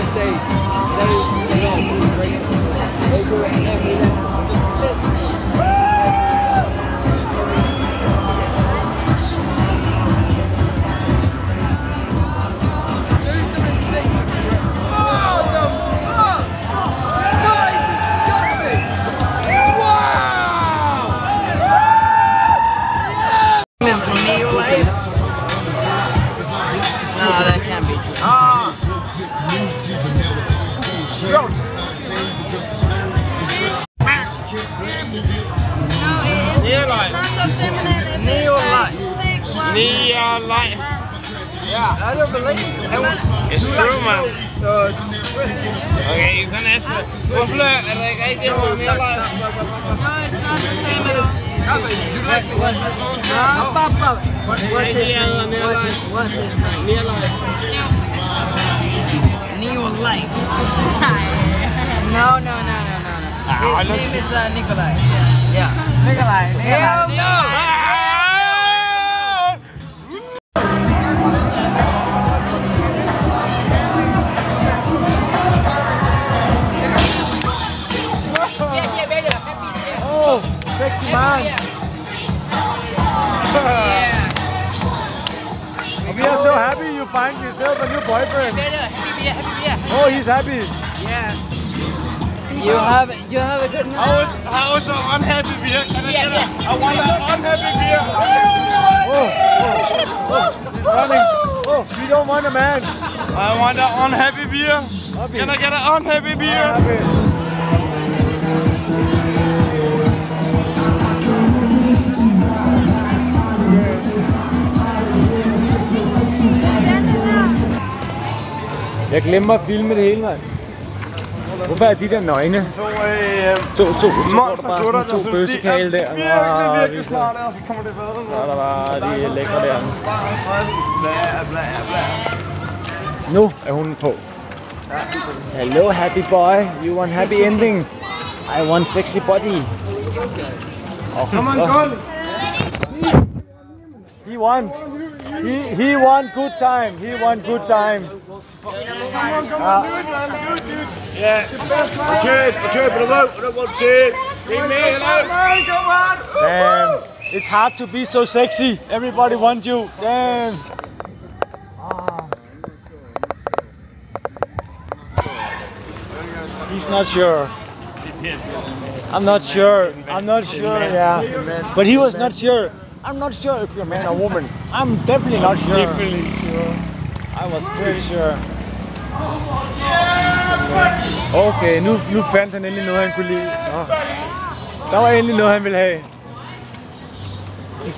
can say they, you know, they do it. Neon light. Neon light. Yeah. I don't believe it. It's true, man. okay, you can ask me. What's that? Like, I didn't neon light. No, it's not the same at You like this one? No, What's his name? What's his, what's his name? Neon light. Neon light. no, no, no, no, no. no. His name is uh, Nikolai. Yeah. Nikolai. Nikolai. Hell oh, no! Sexy man. yeah. We are so happy you find yourself a new boyfriend. Happy beer, happy beer, Oh, he's happy. Yeah. You have you have a good night. I was I was unhappy beer. Can I, yeah, yeah. I want an unhappy beer. Oh, oh, oh, oh, he's running. Oh, we don't want a man. I want an unhappy beer. Happy. Can I get an unhappy beer? Unhappy. Jeg glemmer at filme det hele, mand. Hvorfor er de der nøgne? To, øh, to, to, to, to, to, to, to, to bøssekale de er der. virkelig, virkelig smarte, og så kommer det bedre. Så er der bare de lækre der. Nu er hun på. Hello, happy boy. You want happy ending? I want sexy body. Oh, Come on, go! He won. He he won good time. He won good time. Come on, come on, do it, Do it, dude. Yeah. It's but I don't, Leave me alone. Come on, come on. Damn. It's hard to be so sexy. Everybody wants you. Damn. He's not sure. I'm not sure. I'm not sure, yeah. But he was not sure. I'm not sure if you're man or woman. I'm definitely not sure. Definitely sure. I was pretty sure. Okay, nu, nu fandt han endelig noget, han kunne lide. Nå. Der var endelig noget, han ville have.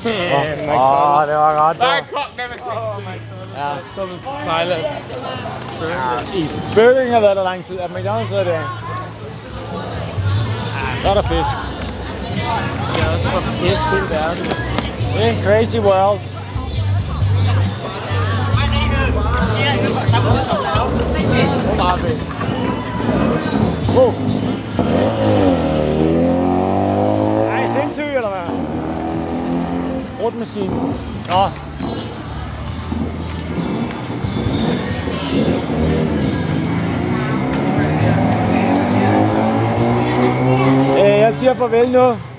Åh, oh, oh, det var godt. Nej, kom, den er Ja, skubbet til Thailand. Burger har været der lang tid. At McDonald's er der. Så er der fisk. Det er også fra den bedste i verden. Yeah, crazy world. Wow. Nej, sindssyg eller hvad? Rutmaskinen. Nå. Øh, jeg siger farvel nu.